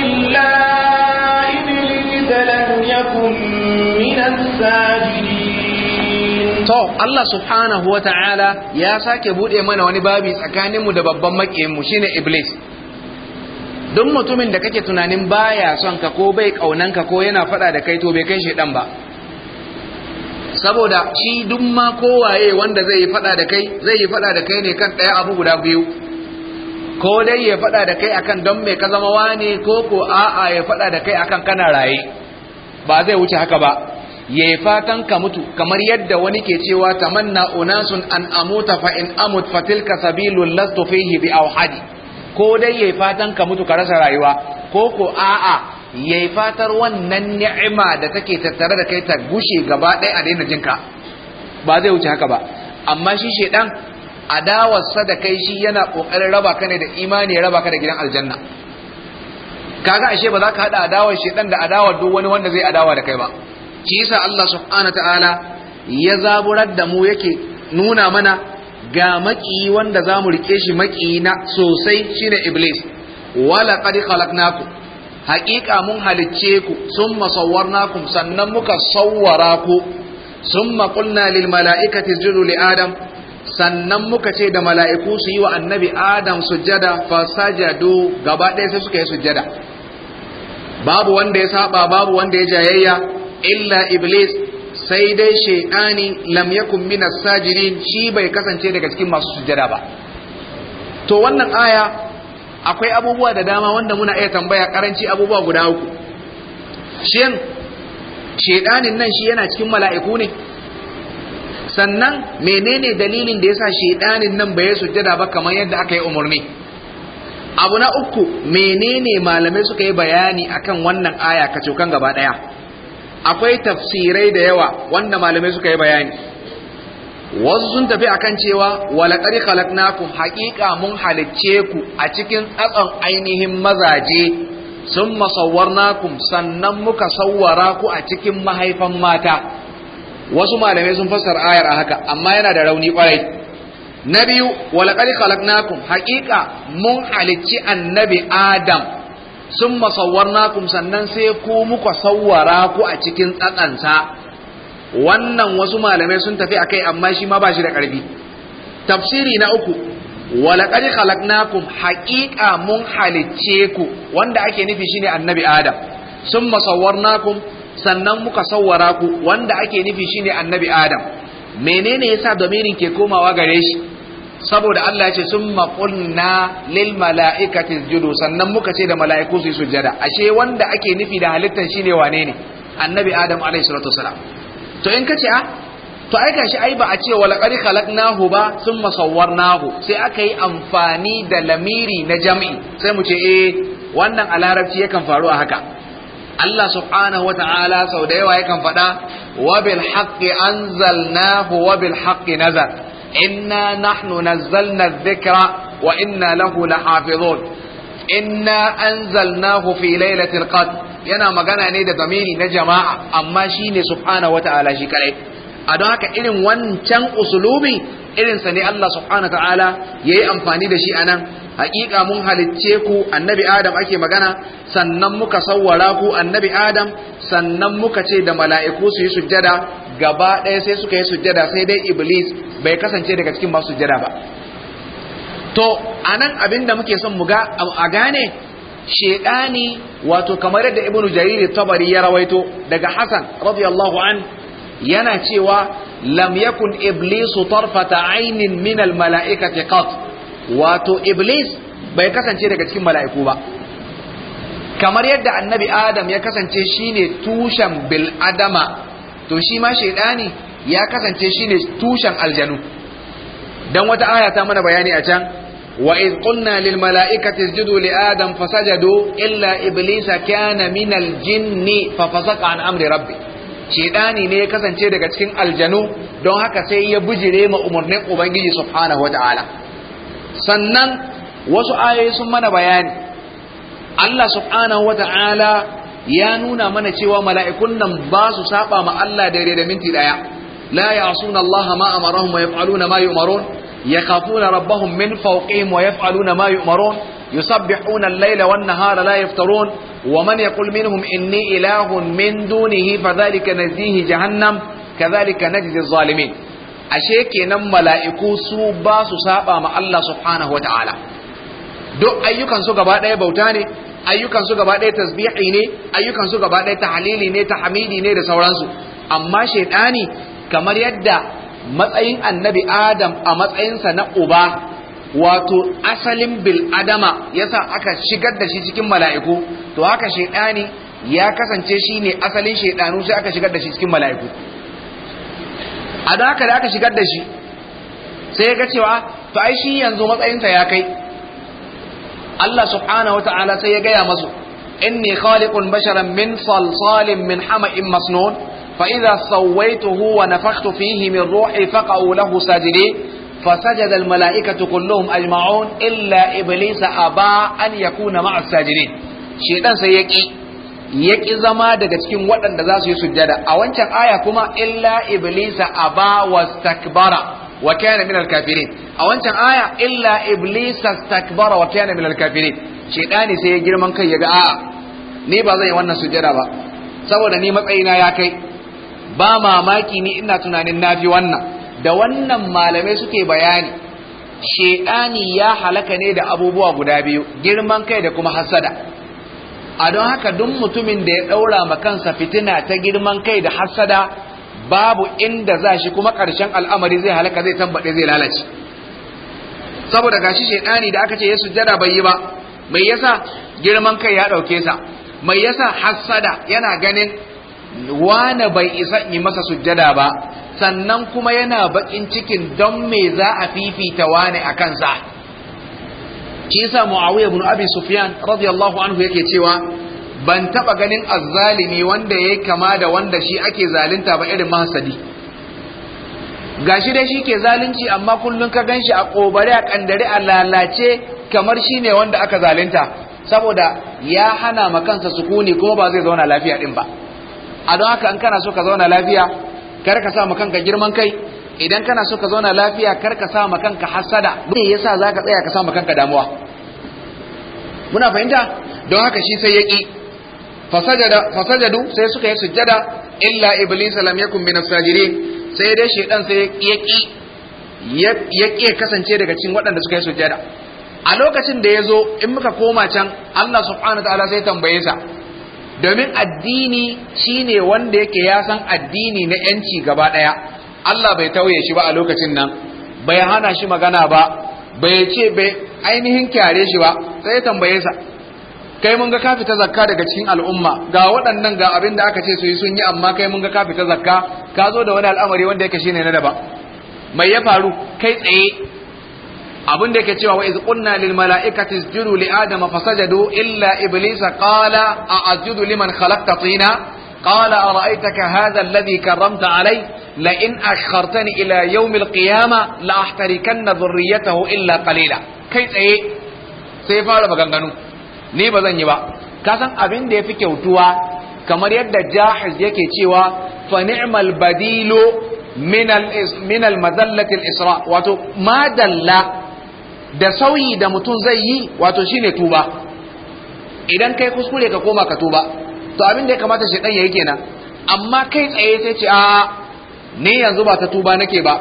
إلا إبليس لم يكن من الساجدين to Allah subhanahu wa ta'ala ya sake bude mana wani babi tsakaninmu da babban makiyinmu shine iblis duk mutumin da kake tunanin baya son ka ko bai kaunan ka ko yana fada da kai to bai kai shedan ba saboda shi duk ma kowaye wanda zai yi fada da kai zai yi fada da kai ne kan daya abu guda biyu ko dai ya fada da kai akan don me ka zama wani ko ko a'a ya fada da kai akan kana raye ba zai wuce haka ba yayi fatan ka mutu kamar yadda wani ke cewa tamanna unasun an amuta fa in amut fatilka sabilul lastu fihi bi awhadi ko dai yayi fatan ka mutu ka rasa rayuwa ko ko a'a yayi fatar wannan ni'ima da take tattare da kai ta gushe gaba ɗaya a daina jinka ba zai wuce haka ba amma shi shedan adawarsa da kai shi yana kokarin raba ka ne da imani ya raba ka da gidan aljanna kaga ashe ba za ka hada adawar shedan da adawar duk wani wanda zai adawa da kai ba shi yasa Allah subhanahu ta'ala ya zaburar da mu yake nuna mana ga maki wanda za mu rike shi maki na sosai shine iblis wala qad khalaqnakum haqiqa mun halicce ku summa sawwarnakum sannan muka sawwara ku summa qulna lil mala'ikati sujudu li adam sannan muka ce da mala'iku su yi wa annabi adam sujada fasajadu gaba ɗaya sai suka yi sujada babu wanda ya saba babu wanda ya jayayya illa iblis sai dai shaidani lam yakun min as-sajidin shi bai kasance daga cikin masu sujada ba to wannan aya akwai abubuwa da dama wanda muna iya tambaya karanci abubuwa guda uku shin shaidanin nan shi yana cikin mala'iku ne sannan menene dalilin da ya sa shaidanin nan bai sujada ba kamar yadda aka yi umarni abu na uku menene malamai suka yi bayani akan wannan aya kacokan gaba daya akwai tafsirai da yawa wanda malamai suka yi bayani wasu sun tafi akan cewa walaƙar khalaqnakum haƙiƙa mun halicce ku a cikin tsatson ainihin mazaje sun masawwarnakum sannan muka sawwara ku a cikin mahaifan mata wasu malamai sun fassar ayar a haka amma yana da rauni kwarai na biyu walaƙar khalaqnakum haƙiƙa mun halicci annabi adam sun masawwarnakum sannan sai ku muka sawara ku a cikin tsatsansa. wannan wasu malamai sun tafi akai amma shi ma ba shi da ƙarfi tafsiri na uku walaƙar khalaqnakum haƙiƙa mun halicce ku wanda ake nufi shine annabi adam sun masawwarnakum sannan muka sawara ku wanda ake nufi shine annabi adam menene yasa domin ke komawa gare shi saboda Allah ya ce sun maƙulna lil mala'ikati judo sannan muka ce da mala'iku su yi sujjada ashe wanda ake nufi da halittar shi ne wane ne annabi adam alaihi salatu wasalam to in kace a ah, to ai shi ai ba a ce wala qad khalaqnahu ba thumma sawwarnahu sai aka yi amfani da lamiri na jam'i sai mu ce eh wannan a larabci yakan faru a haka Allah subhanahu wa ta'ala sau da yawa yakan faɗa wa bil haqqi anzalnahu wa bil haqqi nazar inna nahnu nazzalna dhikra wa inna lahu lahafizun inna anzalnahu fi lailatul yana magana ne da zamiri na jama'a amma shine subhanahu wata'ala shi kare. a don haka irin wancan usulubi irinsa ne Allah Subhana ta'ala ya yi amfani da shi a nan haƙiƙa mun halicce ku annabi adam ake magana sannan muka sawwara ku annabi adam sannan muka ce da mala'iku su yi sujjada gaba ɗaya sai suka yi sujjada sai dai iblis bai kasance daga cikin masu sujjada ba to anan abin da muke son mu ga a gane shedani wato kamar yadda ibnu jariri tabari ya rawaito daga hasan radiyallahu an yana cewa lam yakun iblis tarfata ainin min al mala'ikati qat wato iblis bai kasance daga cikin mala'iku ba kamar yadda annabi adam ya kasance shine tushen bil adama to shi ma shaidani ya kasance shine tushen aljanu dan wata aya ta mana bayani a can wa iz qulna lil mala'ikati isjudu li adam fasajadu illa iblisa kana min al jinni fa fasaqa an amri rabbi shaidani ne ya kasance daga cikin aljanu don haka sai ya bujire ma umarnin ubangiji subhanahu wataala sannan wasu ayoyi sun mana bayani Allah subhanahu wataala ya nuna mana cewa mala'ikun nan ba su saba ma Allah daidai da minti ɗaya. la ya'suna Allah ma amarahum wa yaf'aluna ma yu'marun yakhafuna rabahun min fawqihim wa yaf'aluna ma yu'marun yusabbihuna al-layla wannan nahara la yaftarun wa man yaqul minhum inni ilahun min dunihi fadhalika nazihi jahannam kadhalika najzi adh-dhalimin ashe kenan mala'iku su ba su saba ma Allah subhanahu wa ta'ala duk ayyukansu gaba ɗaya bauta ne ayyukan su gaba ɗaya tasbihi ne ayyukan su gaba ɗaya tahlili ne tahmidi ne da sauransu amma shaidani kamar yadda matsayin annabi adam a matsayinsa na uba wato asalin bil adama yasa aka shigar da shi cikin mala'iku to haka shaidani ya kasance shi ne asalin shaidanu sai aka shigar da shi cikin mala'iku a da haka aka shigar da shi sai ya ga cewa to ai shi yanzu matsayinsa ya kai Allah subhanahu wata'ala sai ya gaya masu inni khaliqun basharan min salsalin min hama'in masnun fa idza huwa wa nafakhtu fihi min ruhi faqa'u lahu sajidin فسجد الملائكة كلهم أجمعون إلا إبليس أبى أن يكون مع الساجدين شيطان سيكي yaki zama daga cikin waɗanda za su yi sujjada a wancan aya kuma illa iblisa aba wastakbara wa kana minal kafirin a wancan aya illa iblis astakbara wa kana minal kafirin shedani sai ya girman kai yaga a'a ni ba zan yi wannan sujada ba saboda ni matsayina ya kai ba mamaki ni ina tunanin nafi wannan da wannan malamai suke bayani shedani ya halaka ne da abubuwa guda biyu girman kai da kuma hasada a don haka duk mutumin da ya daura ma kansa fitina ta girman kai da hasada babu inda za shi kuma ƙarshen al'amari zai halaka zai tambaɗe zai lalace saboda gashi shaidani da aka ce ya sujjada bai yi ba mai yasa girman kai ya ɗauke sa mai yasa hassada yana ganin wane bai isa yi masa sujjada ba sannan kuma yana baƙin cikin don me za a fifita wane a kansa shi yasa muawiya ibn abi sufyan radiyallahu anhu yake cewa ban taba ganin azzalimi wanda yayi kama da wanda shi ake zalunta ba irin mahasadi gashi dai shi ke zalunci amma kullun ka gan shi a kobare a kandare a lalace kamar shi ne wanda aka zalunta saboda ya hana ma kansa sukuni kuma ba zai zauna lafiya din ba a don haka in kana so ka zauna lafiya kar ka sa ma kanka girman kai idan kana so ka zauna lafiya kar ka sa ma kanka hasada me yasa zaka tsaya ka sa ma kanka damuwa muna fahimta don haka shi sai ya fasajada fasajadu sai suka yi sujjada illa iblis lam yakun min as sai dai shedan sai yaki yaki kasance daga cikin waɗanda suka yi sujjada a lokacin da yazo in muka koma can Allah subhanahu wataala sai tambaye sa domin addini shine wanda yake ya san addini na yanci gaba daya Allah bai tauye shi ba a lokacin nan bai hana shi magana ba bai ce bai ainihin kyare shi ba sai ya tambaye sa kai mun ga ka fita zakka daga cikin al'umma ga waɗannan ga abin da aka ce su yi sun yi amma kai mun ga ka fita zakka ka zo da wani al'amari wanda yake shine na daba mai ya faru kai tsaye abin da yake cewa wa iz qulna lil mala'ikati isjudu li adama fasajadu illa iblisa qala a asjudu liman khalaqta tina قال أرأيتك هذا الذي كرمت عليه لئن أشخرتني ya taho illa لأحتركن Kai tsaye. Sai ya fara سيفا ganganu. ni ba zan yi ba ka san abin da ya fi kyautuwa kamar yadda jahiz yake cewa fa ni'mal badilu min al mazallati al isra wato madalla da sauyi da mutum zai yi wato shine tuba idan kai kuskure ka koma ka tuba to abin da ya kamata dan yayi kenan amma kai tsaye sai ce a ni yanzu ba ta tuba nake ba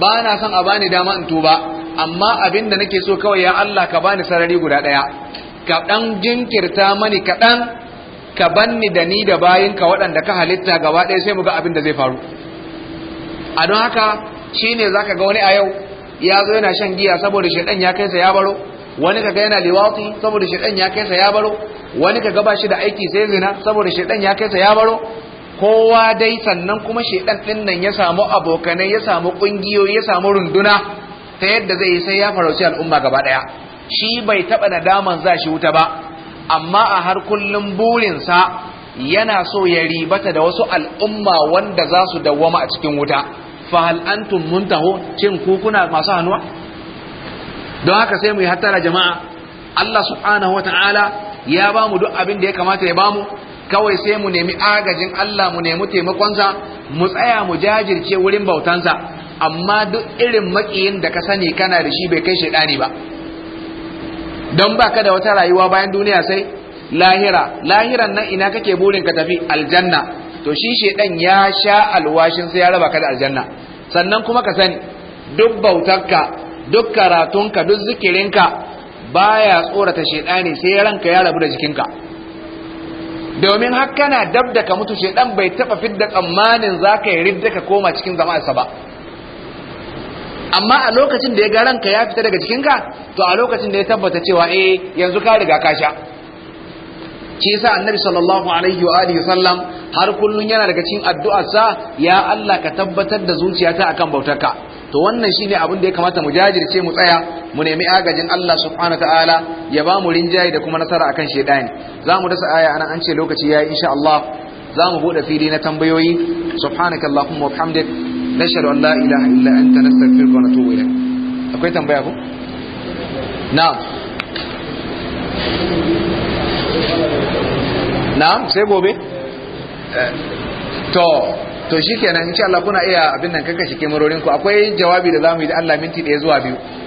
ba na son a bani dama in tuba amma abin da nake so kawai ya Allah ka bani sarari guda daya ka ɗan jinkirta mani kaɗan ka banni da ni da bayinka waɗanda ka halitta gaba ɗaya sai mu ga abin da zai faru a don haka shi ne za ka ga wani a yau ya zo yana shan giya saboda shaɗan ya kai sa ya baro wani ka ga yana liwati saboda shaɗan ya kai sa ya baro wani ka ga ba shi da aiki sai zina saboda shaɗan ya kai sa ya baro kowa dai sannan kuma shedan din nan ya samu abokanai ya samu kungiyoyi ya samu runduna ta yadda zai yi sai ya farauci al'umma gaba ɗaya. shi bai taɓa nadaman za shi wuta ba amma a har kullum burinsa yana so ya ribata da wasu al'umma wanda za su dawwama a cikin wuta fahal antum muntahu cin kukuna masu hannuwa don haka sai mu yi hattara jama'a Allah subhanahu wata'ala ya ba mu duk abin da ya kamata ya ba mu kawai sai mu nemi agajin Allah mu nemi taimakonsa mu tsaya mu jajirce wurin bautansa amma duk irin makiyin da ka sani kana da shi bai kai shaidani ba don ba ka da wata rayuwa bayan duniya sai lahira lahiran nan ina kake burin ka tafi aljanna to shi shedan ya sha alwashin sai ya raba ka da aljanna sannan kuma ka sani duk bautarka duk karatunka duk zikirinka baya tsorata shedani sai ranka ya rabu da jikinka domin har kana dabda ka mutu shedan bai taba fidda tsammanin zaka yi ridda ka koma cikin sa ba amma a lokacin da ya ga ranka ya fita daga cikinka to a lokacin da ya tabbata cewa eh yanzu ka riga ka sha shi yasa annabi sallallahu alaihi wa alihi sallam har kullun yana daga cikin addu'arsa ya Allah ka tabbatar da zuciyata akan bautarka to wannan shine abin da ya kamata mu jajirce mu tsaya mu nemi agajin Allah subhanahu ta'ala ya ba mu rinjaye da kuma nasara akan shedani zamu dasa aya anan an ce lokaci yayi insha Allah za bude fili na tambayoyi subhanakallahumma wa bihamdika nashhadu an la an ta nasar nastaghfiruka wa natubu ilayk akwai tambaya ku? na na sai gobe to to shi shikenan insha Allah kuna iya abin nan kakkashe kemurorin ku akwai jawabi da zamu yi da Allah minti 1 zuwa biyu